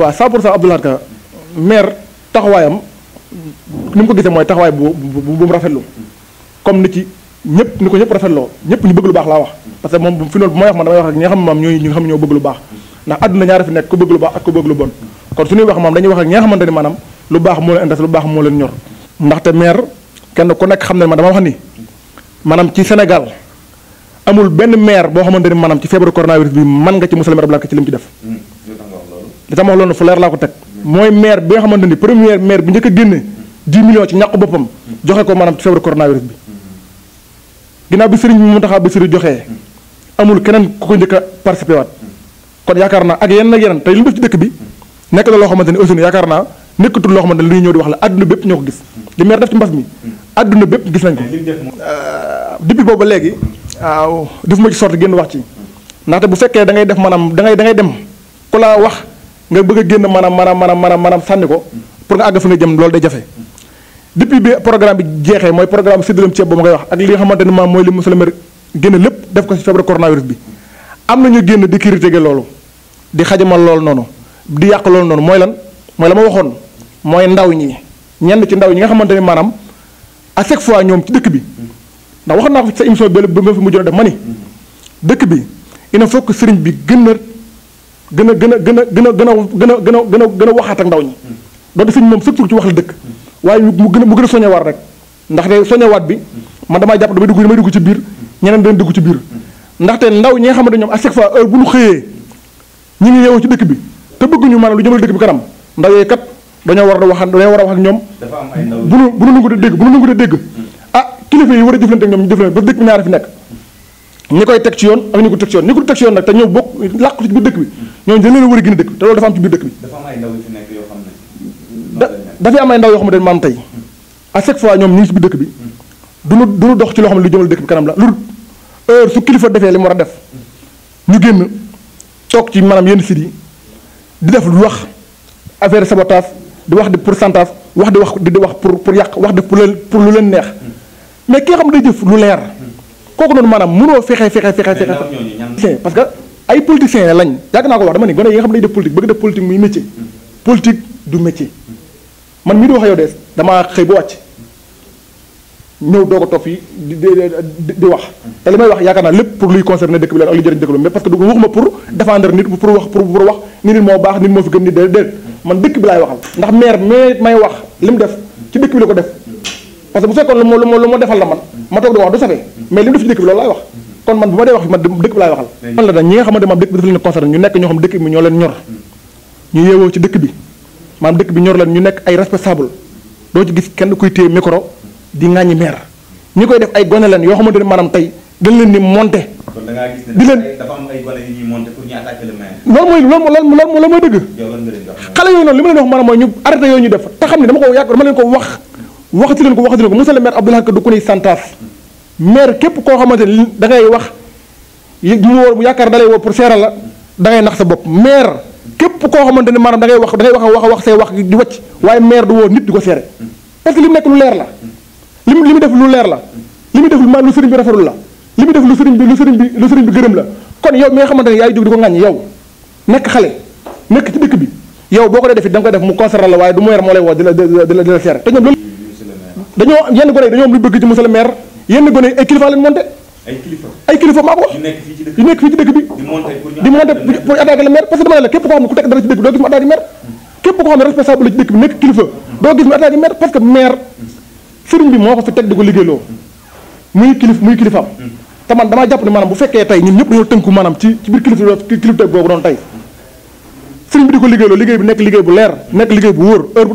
waa 100 pour cent Abdou Lahad Ka maire taxawaayam ni mu ko gisee mooy taxawaay bu bu bu mu rafetlu comme ni ci ñëpp ni ko ñëpp rafetloo ñëpp ñu bëgg lu baax laa wax. parce que moom fi noonu bu may wax man damay wax ak ñi nga xam ne moom ñoo bëgg lu baax ndax àdduna ñaar fi nekk ku bëgg lu baax ak ku bëgg lu bon kon suñuy wax maam dañuy wax ak ñi nga xamante ni maanaam lu baax moo leen intéressé lu baax moo leen ñor. ndaxte maire kenn ku nekk xam ne ma dama wax ni maanaam ci Sénégal. amul benn maire boo xamante ni maanaam ci feebaru coronavirus bi man nga ci musal maire Blanc ci lim ci def. Mm. li tax ma wax leer laa ko teg. mooy maire bi nga xamante ni première maire bu njëkk a génne 10 millions ci ñàkk boppam. joxe ko maanaam ci feebaru coronavirus bi. Mm. ginnaaw bi sëriñ bi mu taxaw bi sëriñ joxe. Mm. amul keneen ku ko njëkk a participé kon yaakaar naa ak yeneen ak yeneen tey mu def ci dëkk bi nekk na loo xamante ni aussi yaakaar naa nekkatul loo xamante ni lu ñëw di wax la adduna bépp ñoo ko gis. li maire def ci mbas bépp gis nañ ko. Euh, depuis boobu ba léegi waaw def ma ci sorte génn wax ci ndaxte bu fekkee da ngay def maanaam da ngay da dem ku la wax nga bëgg a génn maanaam maanaam maanaam maanaam sànni ko pour nga àgg fa nga jëm loolu day jafe. depuis bi programme bi jeexee mooy programme séddalam ceeb boobu ngay wax ak li nga xamante ne maam mooy li génn lépp def ko ci feebaru coronavirus bi am na ñu génn di critiquer loolu di xajamal loolu noonu di yàq noonu mooy lan mooy la ma waxoon mooy ndaw ñi ñenn ci ndaw ñi nga xamante ne maanaam à fois ñoom ci dëkk bi ndax wax naa ko sa émission bi ma fi mujj def ma ni dëkk bi il faut sëriñ bi gëna a gën a gën a gën a gën a gën a gën a gën a gën a gën a waxaat ak ndaw ñi doonte sëriñ moom surtout ci wax la dëkk waaye mu gën a mu gën a soññewaat rek ndax te soññewaat bi man damaa jàpp damay dugg damay ci biir ñeneen dañ dugg ci biir ndaxte ndaw ñi nga xamante ñoom à chaque fois heure bu ñu xëyee ñi ngi yeewoo ci dëkk bi te bëgguñu maanaam lu jëmal dëkk bi kanam ndaw yooyu kat dañoo war a wax dañoo war a wax ak ñoom bu nu bu nu nangu dégg bu nu nangu dégg kilifa yi war a jëflante ak ñoom ñu jëflante ba dëkk bi ñaar fi nekk ñi koy teg ci yoon ak ñi ko teg ci yoon ñi ko teg ci yoon nag te ñëw bokk làqu ci biir dëkk bi ñooñu dañ leen war a gën a dëkk te loolu dafa am ci biir dëkk bi dafay am ay ndaw yoo xam ne maam tey à chaque fois ñoom ñu ngi ci biir dëkk bi duñu duñu dox ci loo xam ne lu jëmal dëkk bi kanam la lu heure su kilifa defee li mu war a def ñu génn toog ci maanaam yenn sit yi di def lu wax affaire sabotage di wax di pourcentage wax di wax di wax pour pour yàq wax def pour pour lu leen neex mais ki nga xam day jëf lu leer kooku noonu maanaam mënoo fexe fexe fexe fexe parce que ay politiciens lañ yàgg naa ko wax dama ni gone yi nga xam day def politique bëgg def politique muy métier hmm. politique du métier man mii di wax yow dees damaa xëy ba wàcc ñëw doog a toog fii di di wax te li may wax yaakaar naa lépp pour luy concerner dëkk bi leen dëkk bi mais waxal ndax maire mais may wax li mu def ci dëkk bi la ko def parce que bu fekkoon lu ma lu ma lu ma defal la man ma toog di wax du safee mais li mu def ci dëkk bi loolu laay wax kon man bu ma dee wax man dëkk bi laay waxal la dañ leen ñu nekk ñoo xam dëkk bi ñoo ci dëkk bi maam dëkk bi ñor leen ñu nekk ay responsable doo ci koy def ay gone leen yoo xamante ne maanaam tey dañ leen ni ne di leen dafa am ay gone le maire loolu mooy loolu loolu loolu dëgg xale yooyu noonu li ma leen wax maanaam mooy ñu arrêté yooyu ñu def te xam ne dama ko yàgg dama leen ko wax waxati leen ko waxati leen ko monsieur le maire Abdoulaye Ka du ko ni santaas maire képp koo xamante ni da ngay wax mu wóor yaakaar dalay woo pour seeral la da ngay nax sa bopp maire képp koo xamante ni maanaam da ngay wax da ngay wax wax wax say wax di wacc waaye maire du woo nit di ko seere parce li nekk leer la li li mu def lu leer la li mu def lu ma lu sëriñ bi la li mu def lu sëriñ bi lu sëriñ bi lu sëriñ bi gërëm la kon yow mi nga xamante ne ko ŋàññi yow nekk bi yow boo ko dee loolu dañoo yenn gone yi dañoo am lu bëgg ci monsieur le maire yenn gone yi ay kilifa leen ay kilifa maa ko yu nekk fii ci dëkk bi di monté pour attaquer le maire parce que dama ne la képp koo xam ne ku teg dara ci dëkk bi doo gis mu attaquer maire. képp koo xam sëriñ bi moo ko fi teg di ko liggéeyloo muy kilif muy kilifaam. Mm. te man damaa jàpp ne maanaam bu fekkee tey ñun ñëpp dañoo tënku maanaam ci ci biir kilifa kilifteeg boobu doon tey sëriñ bi di ko liggéeyloo leer nekk liggéey bu wóor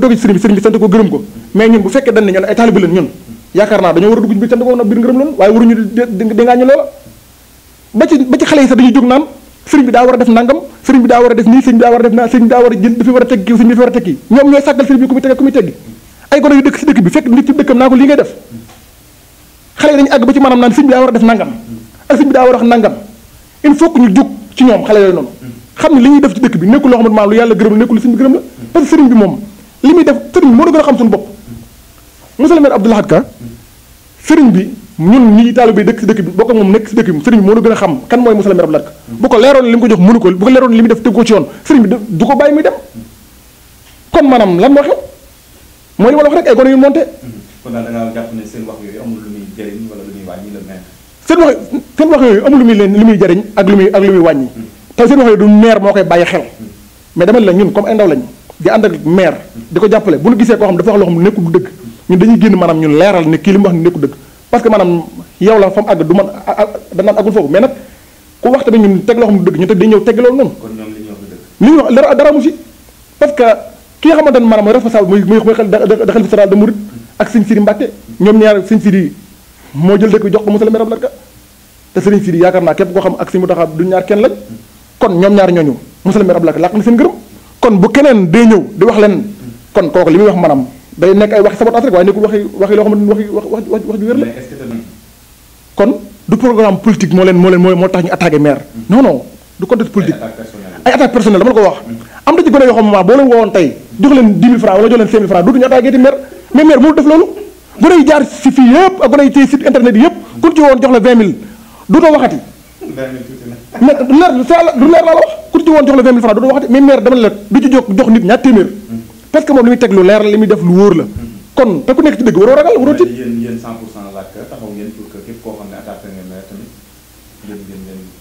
ko mais ñun bu fekkee dañ ne ñun yaakaar naa dañoo war a dugg biir cant googu biir ngërëm loolu waaye waruñu dingaañu loola ba ci ba ci xale yi sax dañuy jóg naan sëriñ bi daa war a def nangam sëriñ bi daa war a def nii sëriñ bi daa war a def naa a a tegg kii sëriñ bi dafa a tegg kii ñoom a def nangam ak sëriñ bi daa war a wax nangam il faut ñu jóg ci ñoom xale yooyu noonu xam ne li ñuy def ci dëkk bi nekkul loo xam ne lu yàlla gërëm la nekkul lu sëriñ bi gërëm la parce que sëriñ bi moom li muy monsieur le maire la Lahad Ka sëriñ bi ñun ñii taalibe bi dëkk si dëkk bi bokk moom nekk si dëkk bi sëriñ bi moo la gën a xam kan mooy monsieur le maire Abdou Lahad Ka bu ko leeroon li mu ko jox mënu ko li mu def tëg ko ci yoon sëriñ bi du ko bàyyi muy dem kon maanaam lan moo xew mooy li ma la wax rek ay gone yu monté kon daal da ngaa jàpp ne seen wax yooyu amul lu muy jëriñ lu muy leen lu muy jëriñ ak lu muy ak lu wàññi te seen wax yooyu du meer moo koy bàyyi xel mais dama la ñun comme ay ndaw lañ di ànd ak maire di gisee koo xam dafa wax loo xam nekkul du dëgg ñun dañuy génn maanaam ñun leeral ne kii li mu wax ni nekku dëgg parce que maanaam yow la fa àgg du man danaan agul foofu mais nag ku wax tamit ñu teg dañu ñëw tegg loolu noonu li ñu wax dara nga xamante ne maanaam mooy responsable muy ñaar sëñ moo jël dëkk bi jox ko monsieur yaakaar naa képp koo xam ak sëñ Mountakha du ñaar kenn lañ ñaar ñooñu monsieur le maire Abdoulaye Ka làq na seen gërëm kon bu keneen day ñëw di wax leen kon kooku li muy wax maanaam day nekk ay waxi sabotage rek waaye nekkul waxi waxi loo xamante ni waxi wax wax wax ju wér la. kon du programme politique moo leen moo leen moo tax ñu attaqué maire. Hmm. non du contexte politique. ay attaque personnelle dama la ko wax. Hmm. am na ci gone yoo xam ne boo leen woowoon tey jox leen 10 000 francs wala jox leen 5 000 francs dootuñu attaqué maire maire mënul def loolu. gone yi jaar si fii yëpp ak gone yi ci site internet yi yëpp ci woon jox la 20 000 du leer wax ku ci woon jox la 20 000 francs dootoo waxati du ci jox jox nit ñaar parce que moom li muy teg lu leer li muy def lu wóor la. Hmm. kon te ku nekk ci dëgg waroo ragal waroo ci. yéen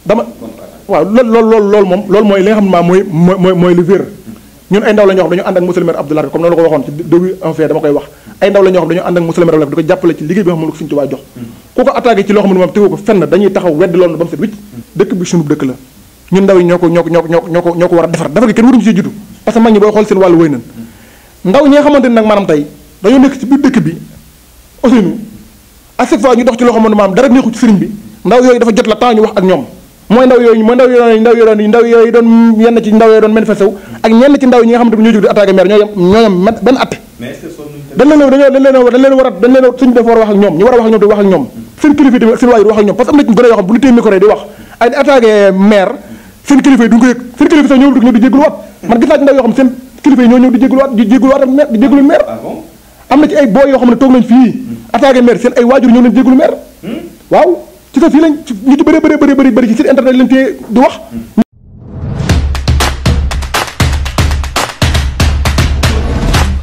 dama waaw loolu loolu loolu moom loolu mooy li nga xam ne maam mooy mooy mooy hmm. ñun ay ndaw la xam dañu ànd ak monsieur le comme noonu la ko waxoon ci début en dama koy wax ay ndaw la ñoo xam dañu ànd ak monsieur le maire Abdou Lahad ko jàppale ci liggéey bi nga xam ne ko Sëriñ Tuubaa hmm. xam ne moom tegu ko fenn dañuy ko ñoo a defar ndaw ñi xamante ni nag maanaam tey dañoo nekk ci biir dëkk bi Ousseynou à chaque fois ñu dox ci loo xamante maanaam dara neexu ci sëriñ bi ndaw yooyu dafa jot la temps maire ñoo yem benn atte dañ leen dañoo dañ leen dañ leen war war wax ak ñoom ñu war a wax ak ñoom di wax ak ñoom seen kilifa yi tamit seen waajur xam bu ñu téye micro yi di wax ay attaqué maire seen kilifa yi duñ ko yëg ñoo dugg ñoo di jégalu man gis ci ndaw yoo xam kilifa yi ñoo ñëw di jégaluwaat di jégaluwaat ak maire di jégalu maire. Ah am na ci ay booy yoo xam ne toog nañ fii. Hmm. attaqué maire seen ay waajur ñëw nañ jégalu maire. Hmm? waaw ci sa fii lañ ñu ci bëree bëree bëri bëri ci seen internet lañ téye di wax. Hmm.